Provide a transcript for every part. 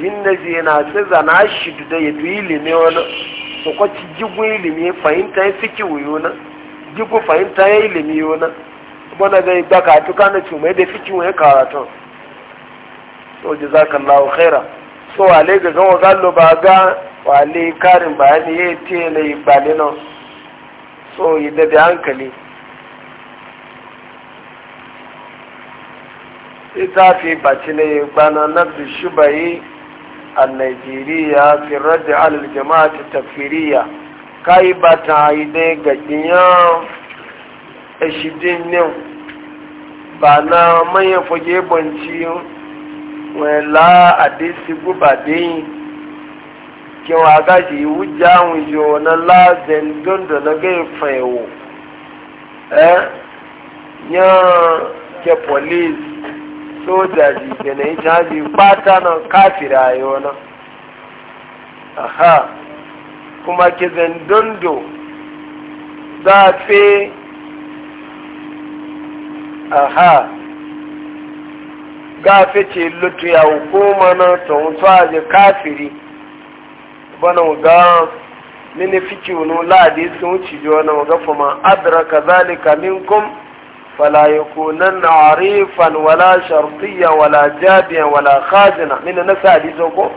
jinna je na ta zana shi da ya bi ilimi wani su kwaci jigu ilimi fahimta ya fiki yi na jigu fahimta ya ilimi wani bana zai ba ka tuka na cumai da fiki wani karatun so ji za ka lawo khaira so wale ga gawa gallo ba ga wale karin bayani ya te na yi ni na so yi da hankali ita fi bacci na yi gbana na bishu yi. alnaijiriya fi rajin aljama'a ta tafiriya kai ba ta yi dai ga ɗiyan ashidin ba na manyan fage banci wani la'adin sigu guba dai kewa gaji yi wujja yi na la'adin dundun na gai fayewo eh yan ke polisi soja ji kenan jaji bata nan kafira yona aha kuma kizan dondo za fe aha gafe ce lutu ya hukuma na a aje kafiri bana ga nini fiki wani ladi sun ci jiwa na ga fama adraka zalika minkum فلا يكونن عريفا ولا شرطيا ولا جابيا ولا خازنا من الناس حديثه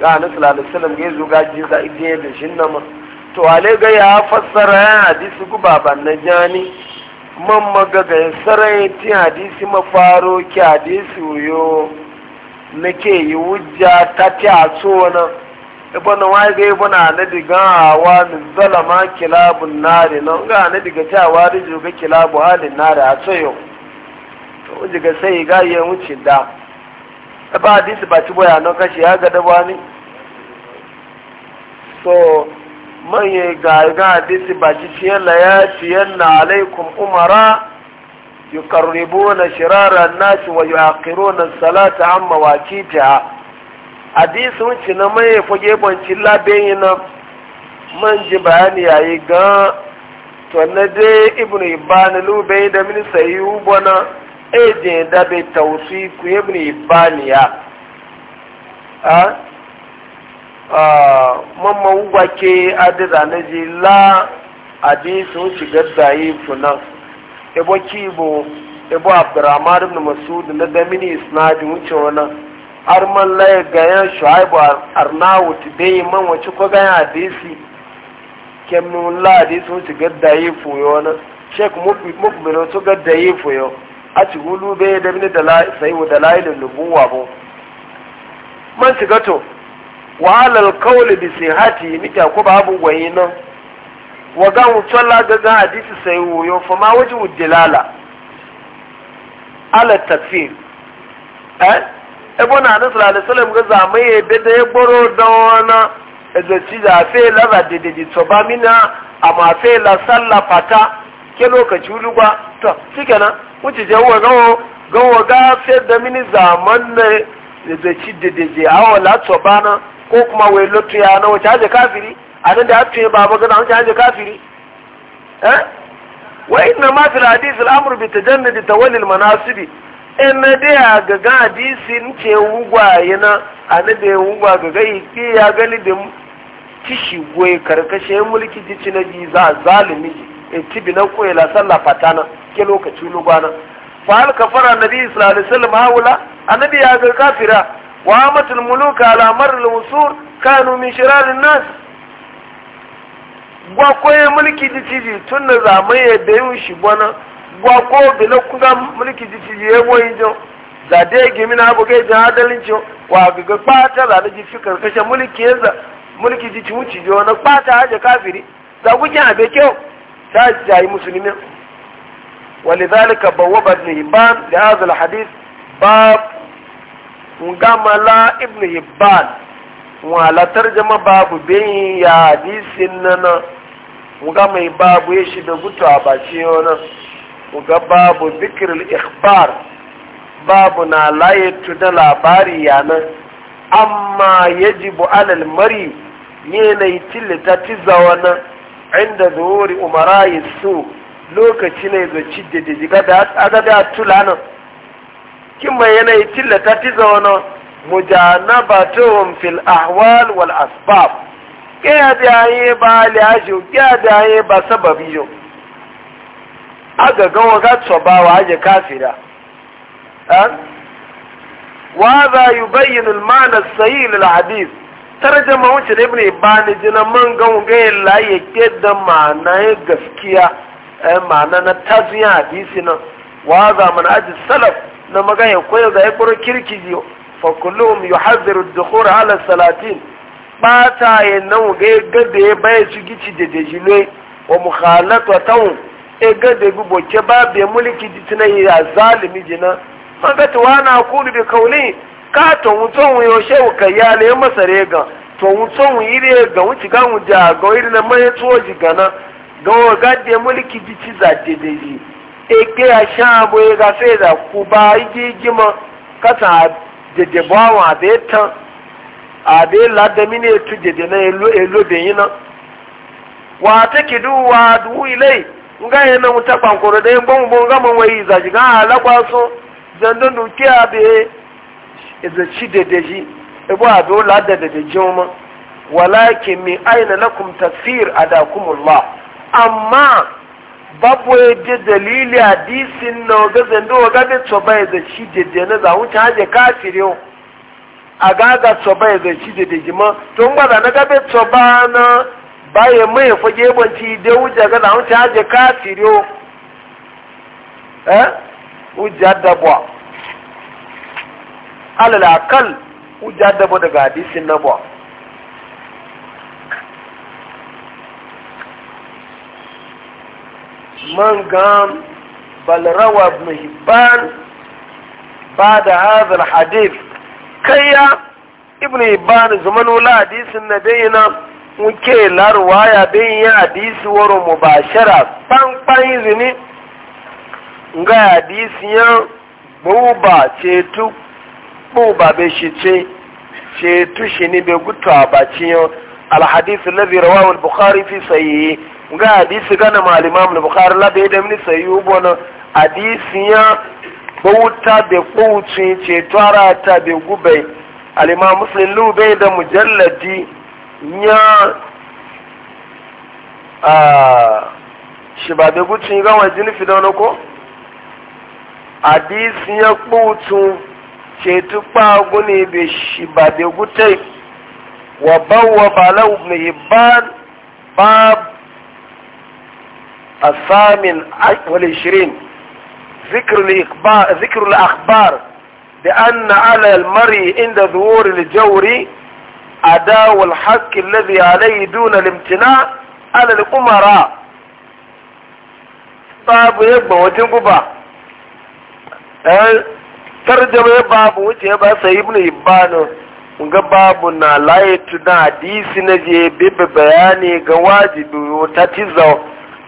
ga na sallallahu alaihi ga zo gaji za ije da shin to ale ga ya fassara ya hadisi ku baban na jani man maga ga ya hadisi mafaro ki hadisi yo nake yi ta ti a tsona ibana wa ga ibana na diga wa min zalama kilabun nari nan ga na diga ta wa da juga kilabu halin nari a tsayo to diga sai ga ya wuce da e ba hadisi ba ci boya nan kashi ya ga dawa ni so manye ga ga hadisi ba ci ciyar la ya ciyar na alaikum umara yuqarribuna shirara an-nas wa yu'aqiruna as-salata amma waqitiha hadisin ci na mai fage banci labe na man ji bayani yayi ga to na ibn ibani lube da min sayi ubona eje da be tausi ku ibn ibani ya a a mamma ke adida na ji la hadisin ci gadda yi funa ebo kibo ebo abdurrahman ibn masud na da mini isnadin wuce wannan har man laye gayan shu'aibu arnawu tibe man wace ko gayan hadisi kem nun la hadisi wuce gadda yi fuyo na shek mukmin wato gadda yi fuyo a ci hulu be da mini sai wa dalailin nubuwa bo man ci gato wa alal kawli bi sihati mita ko babu wayi nan wa ga wucalla ga ga hadisi sai wuyo fa ma waje wujilala ala tafsir eh ebe na anu sallallahu alaihi wasallam ga zama ya be da ya gboro da wana da fe la ba de de to ba fe la salla pata ke lokaci ruwa to shikenan wuce je wa gawo gawo ga fe da mini zaman ne ezo ci de de je la to ba na ko kuma wai lotu ya na wace aje kafiri anan da hatu ba ba ga na wace aje kafiri eh wa inna ma fil hadith al-amru bi tajannudi tawalli al-manasibi ina da ya gaga hadisin ce wugwa yana a na da ya wugwa gaga ike ya gani da kishi goyi karkashe mulki jici na biyu za a zalimi ji e tibi na koya la sallah na ke lokaci lugwana fa hal kafara nabi sallallahu alaihi a na biyu ya ga kafira wa amatul muluka ala marr al usur kanu min shirar an nas gwa koyi mulki jici tun na zamai da yin shi bana gwa ko bele kuga mulki ji ci ye boyin jo da de gimi na buga da adalin jo wa ga pata da ji fi karkashe mulki yanzu mulki ji ci wuci jo na pata haje kafiri da gujin abe kyau ta jayi musulmi ولذلك بوب ابن هبان لهذا الحديث باب ngamala ibn hibban wala tarjama babu bin ya hadisin nan ngamai babu ya shi da gutu a bace باب ذكر الاخبار بابنا لا يتدى لاباري يعني. اما يجب على المري يني تل تتزاونا عند ظهور امراء السوء لوكا تلي ذو تشد دي جدات اغدات تلانا كما يني تل تتزاونا مجانبتهم في الاحوال والاسباب كيادي ايبا لعجو كيادي ايبا سببيو aga gawa ga wa aje kafira eh? wa za yi bayyana mana sayi lalhadis tarjama wuce ibn ibani jina man gan ga laye yake da ma'ana gaskiya eh, ma'ana na taziyan hadisi nan wa za mana aji salaf na maga ya koyo da ya kuro kirkiji fa kullum yuhadhiru ad-dukhul ala salatin bata yi nan ga ya bai su gici da dejile wa mukhalatu tawun ega da bi boke ba be mulki yi ya zalimi jina maka ta na kudu bi kauli ka to mutum yo shehu kayyale ya masare ga to mutum ire ga wuci ga mu ja ga ire na mai tuwo jigana ga ga da mulki jiti za dedeji ke a sha bo ya ga sai da ku ba a kata dede bawa da ta a da ladami ne tu dede na elo elo da yina wa take duwa du ilai nga ye na muta kpankoro de gbɔn gbɔn nga mo ŋmɛ yi zazi nga ala kwa so zandon do ke a be dede yi ebo a be o la dede de gyɛn ma walakin mi ayina lakum tafsir adakumullah amma babu yadda dalili hadisin na waga zando waga da tsoba ya zaci dede na za wuce hajje kafir yau a gaga tsoba ya zaci dede jima to ngba da na gabe tsoba na báyẹ̀ mú ìfọ́jẹ́ ìbọn ti dé oúnjẹ kan àwọn tí a jẹ káàkiri o ẹ́ oúnjẹ àdàbọ̀ alẹ́lẹ́ àkàl da àdàbọ̀ daga àdísí nàbọ̀. من قام بل روى ابن هبان بعد هذا الحديث كيا ابن هبان زمن ولا حديث muke larwa ya bin yi hadisi waro mubashara fanfan izini ga hadisi ya buba cetu buba bai shi ce cetu shi ni bai gutu a bacin yau alhadisi lafi rawahu al-bukhari fi sayi ga hadisi gana malimam na bukhari lafi da mini sayi na hadisi ya buta be kucin cetu ara ta be gube al-imam muslim lube da mujalladi nya a shi ba da gucin gawa jini fidan hadisi ya kputu ce tukpa gune be shi ba da gutai wa bawa bala ibn hibban bab asamin wal 20 ذكر الإخبار ذكر الأخبار بأن على المرء عند ظهور الجور adawul haƙƙi alladhi alayhi duna limtina ala al-umara babu yabba wajen guba eh, tarjama babu wuce ba sai ibnu ibanu ga babu na laye tuna hadisi na je bebe bayani ga wajibi ta tizau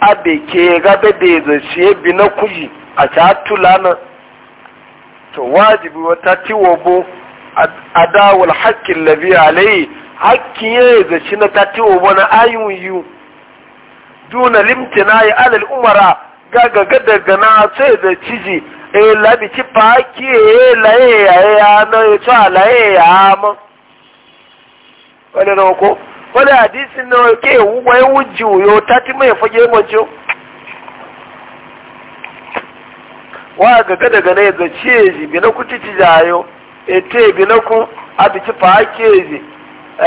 abe ke gabe da ya zace bi na kuji a ta tula na to wajibi wata ciwo adawul haƙƙin labi alai haƙƙin ya yi zaci na tati wani ayun yu duna na yi alal umara gaga gada gana sai da ciji e labi ci faki e laye ya e ya na ya e ta laye ya ma wani na ko wani hadisi na ke wai wujji yo tati mai fage mace wa gaga gada na ya zace ji bi na kuti ci jayo ete bi na ku fa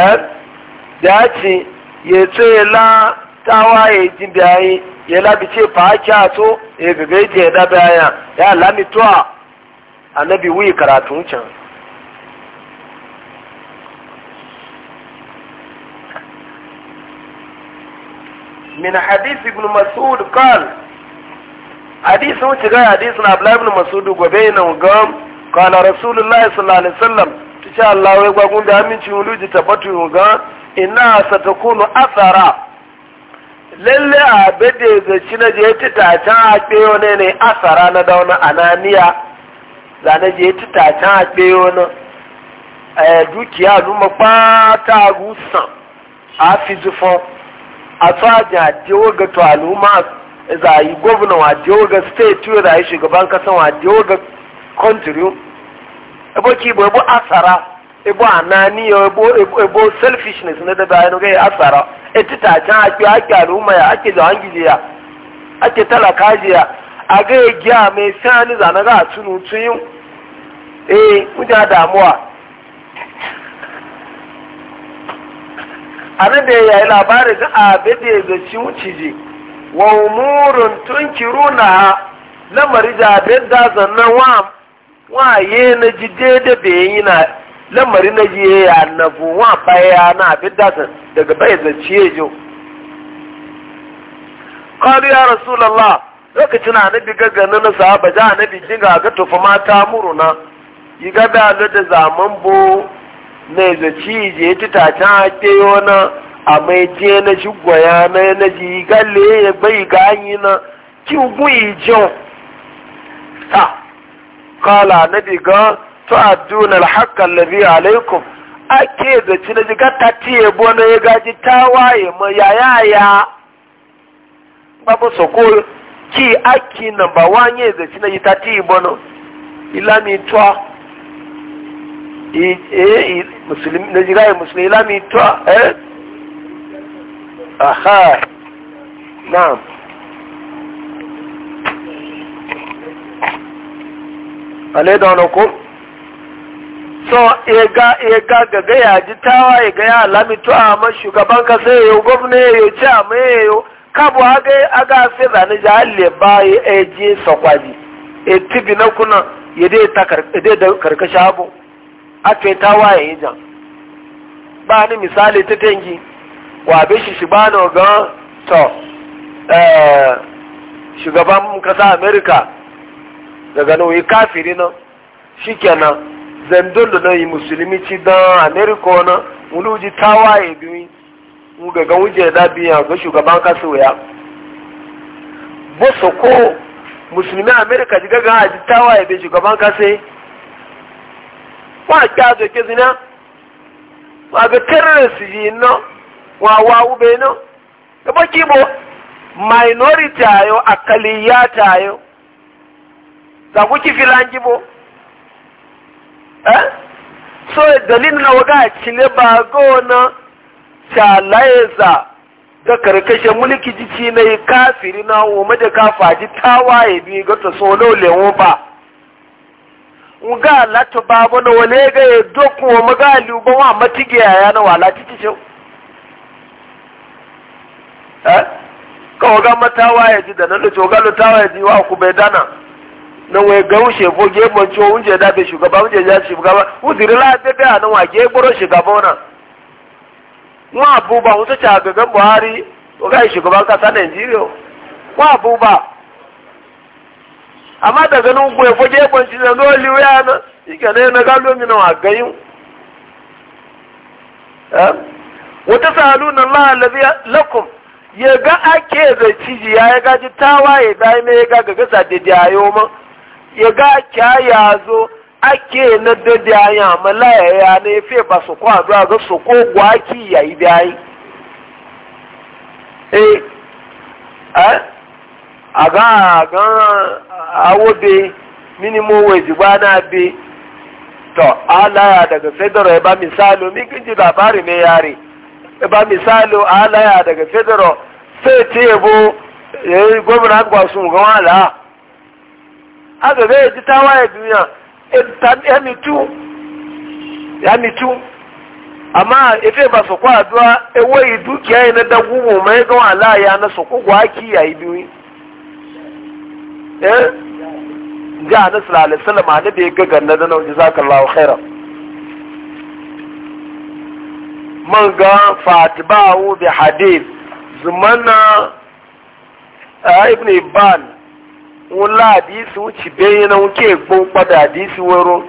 eh da ci ya ce la tawa ya ji bayi ye la bi ce faki a to ya ga gaje da baya ya mi to annabi wi karatu can من حديث ابن مسعود قال حديث حديث عبد الله بن مسعود وبينه qala rasulullahi sallallahu alaihi wasallam tace Allah wai gwagun da aminci wuluji tabbatu ga inna satakunu athara lalle a bade ga cina je titacen a keyo ne ne asara na dauna ananiya zane je titacen a keyo na dukiya luma pata gusan a fi zufon a tsajin a tewo ga to al'umma za a yi gwamna wa tewo ga state za a yi shugaban kasan wa tewo ga kọntiri ebo chibo ebo asara ebo anani ebo ebo selfishness na da bayan ga asara etita ta aki aki al'umma ya aki da hangi ya aki talaka ya a esi ya mai sani zana ga tunu tuyin eh kuja a. abin dị ya yi e labarin abin dị ya zaci wuce je wa umurun tunkiruna lamari da abin da na wa waye na ji daidai da yi na lamari na ji ya nabu wa baya na bidda dasa daga bai da ciye jo qali ya rasulullah lokacin annabi gaggana na sahaba ja annabi dinga ga tofa mata muruna yi da da zaman bo na zaci e je ta ta ke yona a mai e je na shi goya na na ji galle ya bai ganyi na ki ugun ijo ta. kala nabi ga tu'adduna aduna haqqa alladhi alaykum ake da ci na jiga ta tiye bona ya gaji ta waye ma ya ya ya babu soko ki aki namba wanye da ci na ji ta tiye bona ilami twa eh muslim na jiga ya muslim ilami twa eh aha na'am ale da wani ko so ega ega gaga ya ji tawa ega ya alami to a ma shugaban ka sai yau gwamna yo ci a ma yau kabu aga ga sai da ni ja hali ba ya ji sakwaji e tibi na kuna ya dai ta karkashi abu a ce tawa ya yi jan ba ni misali ta tengi wa be shi shi ba na ga to eh shugaban kasa america daga nan kafiri na shi kenan na yi musulmi ci don amerika na muluji tawaye biyu mu gaga wuje da biya ga shugaban kasa ya boso ko musulmi amerika ji gaga a ji tawaye bai shugaban kasa wa kya zo ke zina wa ga terrorist ji nan wa wa ube nan da baki bo minority ayo akaliya ayo zaguki Kifi bo eh so dalilin na waga ne ba gona chalaeza da karkashin mulki jici na yi kafiri na woma da kafaji tawaye bi ga ta solo lewo ba nga lati babu na wale ga ya doku wa magali ba wa matige ya na wala ci shau eh ka waga matawa ya ji da nan da toga lutawa ya ji wa ku bai dana na wai gaushe fo gefen ciwo wunce dafe shugaba wunce ya shugaba wuziri la bebe a nan wake gboro shugaba wana wọn abuba wọn sọcha agagan buhari oga shugaban kasa nigeria wọn abuba amma na ganin gwe fo gefen ci da noli wuya na ike ne na galo mina wa gayin wata alu na allah alazi lakum ya ga ake zai ciji ya ya ga ji tawaye da ya ga gagasa dede jayo man yaga kya ya zo ake na dade anya malaya ya e, e, na efe ba su kwa do ga su ko gwaki ya yi dai eh eh aga awobe minimum wage ba na bi to alaya daga federal ba misalo mi kinji labari me yare ba misalo alaya daga federal sai ce bo e, gwamnati gwasun gwan ala agaga editawa ya duniya ya mitu ya mitu amma ita ba su kwa aduwa ewe yi dukiya yi na dagugu mai ga wala ya na su kugwa aki ya yi biyu eh ji a nasu lalisalam a nabi ya gagan na dana wajen zaka lawa khaira man ga fatibawu bi hadith zumana ibn ibban wula hadisi wuce bayi na wuke gbon kwada hadisi wero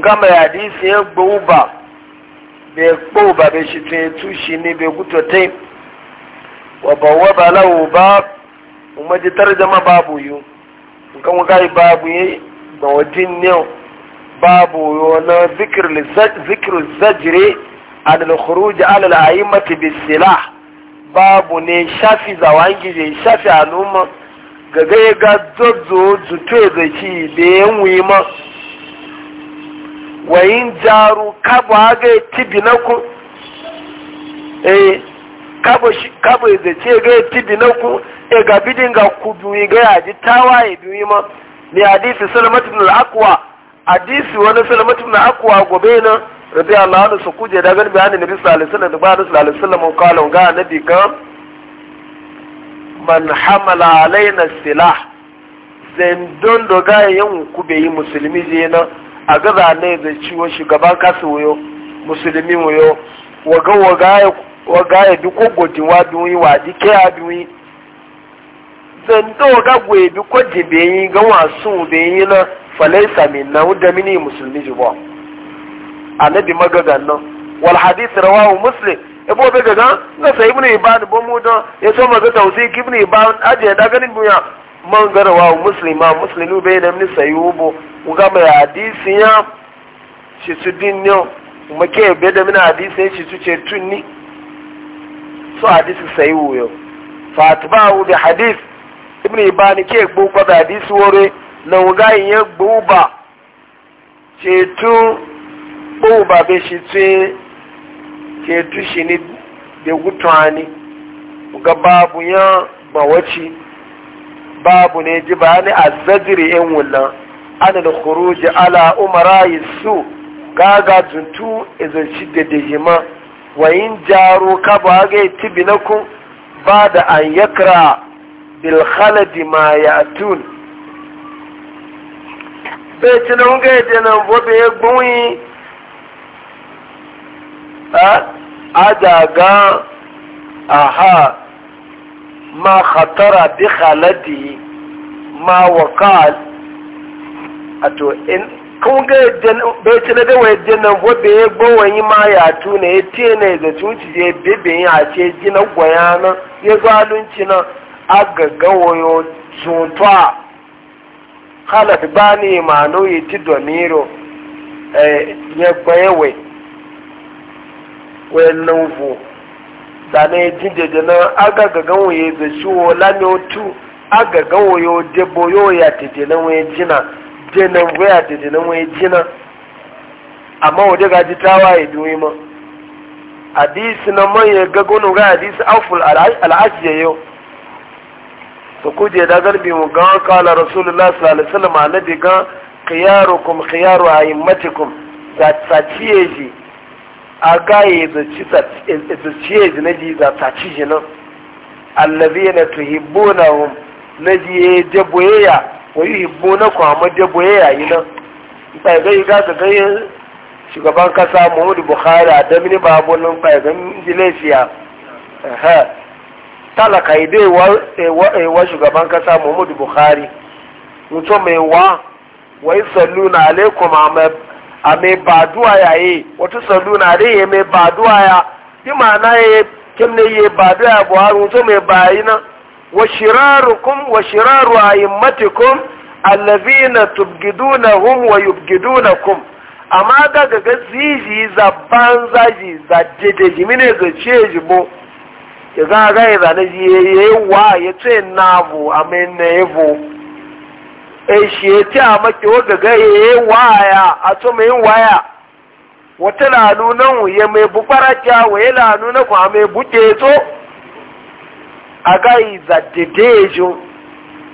gama ya hadisi ya gbon ba bai gbon ba bai shi tun tushi ne bai guto ta wa ba wa ba lawo ba kuma ji tarjama babu yi kan wuka babu yi ga wajen ne babu yi wani zikir zajire anil kuruja ala al-a'immati bis silah babu ne shafi zawangi je shafi al'umma gaga ya ga zozo zuto da ci da yan wima wayin jaru kabo aga tibi na ku eh kabo shi kabo ya zace ga tibi na ku e ga bidin ga ku duyi ga ya ji ya duyi ma ni hadisi salamatu ibn al-aqwa hadisi wani salamatu ibn al-aqwa gobe na rabi Allah da su kuje da alaina silah zan don do ga yan yi musulmi na a gaza ne da ciwo shugaban kasu wayo musulmi wayo waga waga waga ya duk zan do ga ko jibe yi ga wasu be yi na falaisa min na da mini annabi magagan nan wal hadith rawahu muslim ibo be gaga ga sai ibnu ibn bo mu don ya so maga tawsik ibnu ibn aje da ganin buya man garawa muslim muslimu be da min sayubo uga mai hadisi ya shi su dinno kuma ke be da min hadisi shi su ce tunni so hadisi sayu yo fatbahu bi hadith ibnu ibn ke gbo kwa hadisi wore na uga yin gbo ba ce tun ko ba bai shi ke tushini ni da ga babu ya mawaci babu ne ji ba ni a zajiri yan wula ana da kuruji ala umara su gaga tuntu izanci e da dejima wayin jaro ka ba ga tibi na kun ba da an yakra bilhaladi ma ya tun bai ci na wuga ya je bobe ya adaga aha ma khatara bi khalati ma waqal ato in kun ga den be ne da waye den nan wobe be bo wani ma ya tu ne te ne da tuci je bebe ya ce jina goyana ya zalunci na agaga wayo zuntwa khalat bani ma no yi ti domiro eh ya gbayewai wayannan fu zane jinjeje na aga gagan waye da shiwo lami otu aga gagan wayo debo yo ya tete na waye jina je jenan waya tete na waye jina amma waje ga ji tawaye duwi ma hadisi na manya gagonu ga hadisi aful al'ajiya yau to ku je da garbi mu ga kala rasulullah sallallahu alaihi wasallam annabi ga khiyarukum khiyaru a'immatikum da tsaciye ji aga ezochi ezi na ji zatachi ji nan allazi na tuhibbuna hum na ji deboye ya wa yuhibbuna ku amma deboye ya yi na. nan bai gai ga ga gai shugaban kasa Muhammadu Buhari a damini babu nan bai ga Indonesia eh talaka idai wa wa shugaban kasa Muhammadu Buhari mutum mai wa wa yusalluna alaikum amma a mai baduwa yayi wata saluna dai ya mai baduwa ya bi ma'ana ya yi ne ya baduwa ya buhari wato mai bayi na wa shirarukum wa shiraru tubgidu allazina tubgidunahum wa kum, amma ga ga zizi za banza ji za mine za ceji bo ya za ga ya zane ji ya yi wa ya ce na bu a mai na ya bu e shi ya ci a maki waga gaye waya a to mai waya wata lanu nan ya mai bubarata wa ya lanu na kwa mai buɗe so a gai zaddade jo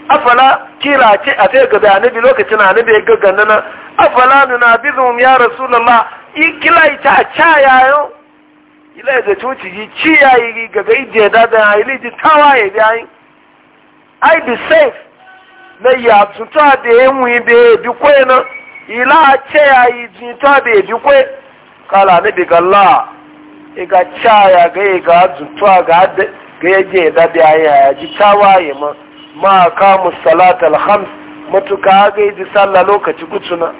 afala kira ce a sai gaba annabi lokacin annabi ya gaggana na afala nuna bizum ya i kila yi ta ca yayo ila da tuci yi ci ya yayi gaga ije da da ili ji ya yi ai be safe na ya tuta da yanwi ibe ya dukwe na ila ce ya yi jinta da ya dukwe kala na daga la iga e ca ya ga ya e ga tuta ga ya e je da biya ya ji tawaye ma ma al salat alhams matuka ga yi ji salla lokaci kutu na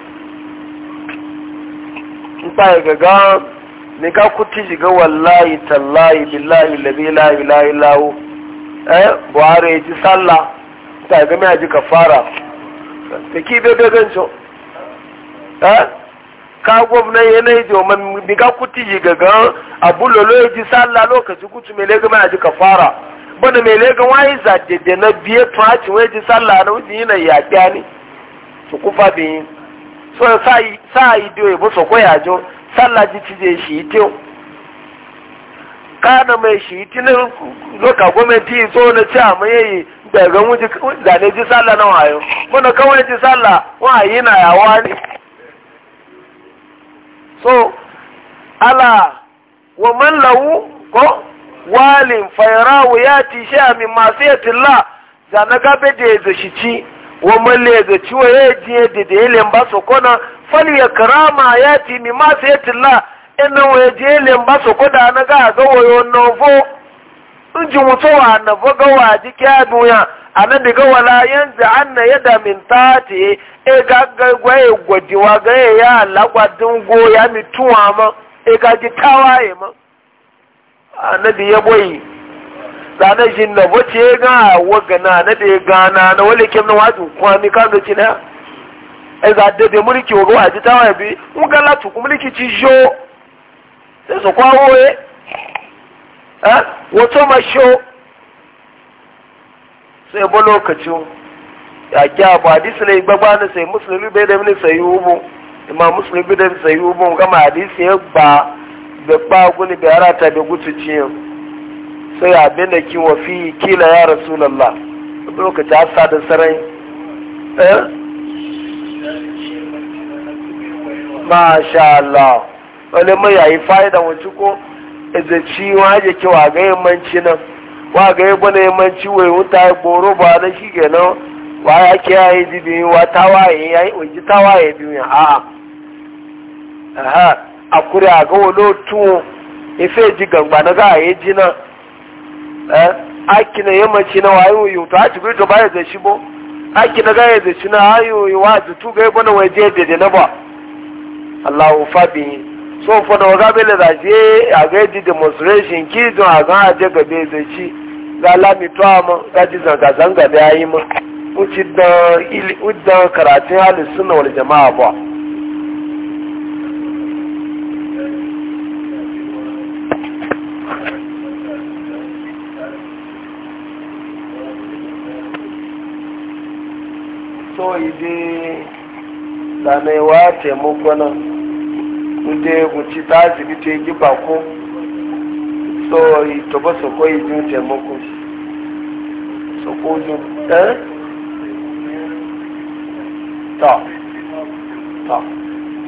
ta ga ga ni ka kuti shiga wallahi tallahi billahi labi la ilaha illahu eh buhari ya ji salla. ta ga mai ji kafara ta ki be be gancho eh ka gwamna yanayi jo man diga kuti yi gaga ya ji sallah lokaci kutu mele ga mai ji kafara bana mele ga wani za de na biye tuwaci wai ji sallah na yi yana ya kyani su kufa bi so sa yi do e bo so ko ya jo sallah ji ti je shi tiyo na mai shi tinin loka gwamnati so na ci a mayayi daga muji da ne ji sallah na wayo muna kawai ji sallah wayi na yawa ne so ala wa man lahu ko walin fayrawu ya ti sha min masiyatillah na gabe da ya shi ci wa man le da ci wa ya ji da da yelen ba so kona fal ya karama ya ti min masiyatillah inna wa ya ji yelen ba so koda na ga ga wayo novo in ji mutuwa na faga wa jiki a duniya a nan daga wala yanzu an na yadda min ta ce e ga gwaye gwajiwa ga e e ya ya lagwadin goya mituwa ma e ga ji tawaye ma a na da ya boyi zanen shi na wace e ga wagana na da ya gana na wale kim na wajen kwami kan da ci na e za da mulki wa ga waje tawaye bi in ga latu mulki ci jo sai su kwawo eh Eh? wato masho sai bo lokacin ya kya ba hadisi ne gbagba ne sai musulmi bai da mini sai yubu imam musulmi bai da mini sai yubu gama hadisi ya ba da ba guni bai harata da gutu ciyin sai abin da ki fi kila ya rasulallah lokacin hasa da sarai eh? masha Allah wani mai yayi fa'ida ko. ezeci waje ke wa ga yammanci nan wa ga yabo na yammanci wai wuta boro ba na shi ke nan wa ya ke ya yi jibi wa tawaye ya yi oji tawaye biyu ya a'a aha a kuri a ga wolo tuwo ife e ji gangba na ga yi ji nan aki na eh? yammanci na wa yi wuyi to a ci gwi to ba ya zaci bo aki na ga ya zaci na ayoyi wa zutu ga yabo na waje dede na ba Allahu fabi so fada waga bele da je a ga di demonstration ki don a ga je ga be da ci ga lami to am ga ji zanga zanga da yayi mu uci da ili udda karatun halin sunna wal jama'a ba so ide da mai wa taimakon nan kude kunci ta asibiti ya giba ko so yi tobo so ko yi jin taimako so ko jin eh ta ta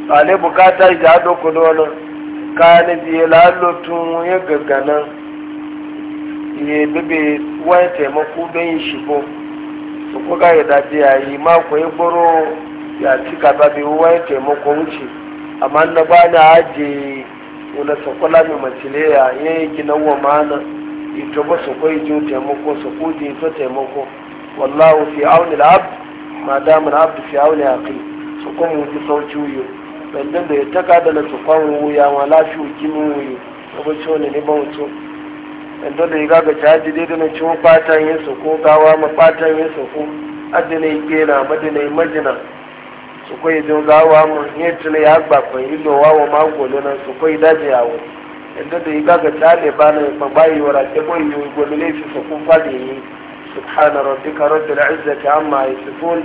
ta ne bukata ya hado ku nono ka ne biye lalotun ya gagganan ya bebe wani taimako don yin shigo su kuka ya dace ya yi mako ya boro ya cika babi wani taimako wuce amma na ba na aje wani sakwala mai macile ya yi gina wa mana ito ba su kwai jin taimako su kudi ito taimako wallahu fi auni al'abd ma damar abdu fi auni aqi su kuma wuce sauki wuyo bandin da ya taka da na su kwan wuya ma lafi ukimi wuyo ko ba ci wani neman wuto wuce bandin da ya gaga caji daidai na ciwo fatan yin su ko gawa ma fatan yin su ko adana ya kera madina ya majina sùkọ́ ìdúnlá wa mọ̀ ní ìtúlẹ̀ àgbà pẹ̀lú ìlò wa wọ́n máa wò lọ́nà sùkọ́ ìdájì àwọ̀ ẹ̀dọ́dọ̀ yìí gbàgbẹ́ tá a lè bá náà ìpàgbá yìí wọ̀rà tẹ́kọ̀ ìlú ìgbòmí su sọ̀kún fàdé yìí subhana rabbika rabbil izzati amma yasifun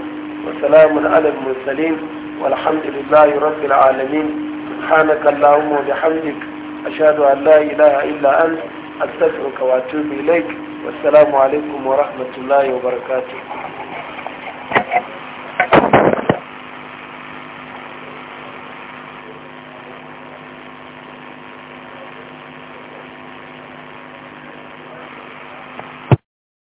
wa salamun ala al-mursalin walhamdulillahi rabbil alamin subhanaka allahumma wa bihamdik ashhadu an la ilaha illa ant astaghfiruka wa atubu ilaik wassalamu alaikum wa rahmatullahi wa barakatuh